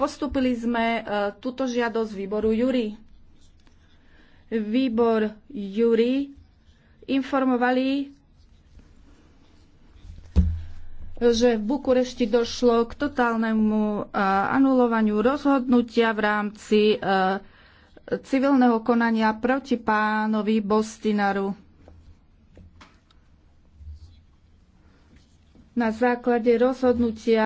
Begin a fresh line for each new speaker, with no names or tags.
Postupili sme e, túto žiadosť výboru Jury. Výbor Jury informovali, že v Bukurešti došlo k totálnemu e, anulovaniu rozhodnutia v rámci e, civilného konania proti pánovi Bostinaru. Na základe rozhodnutia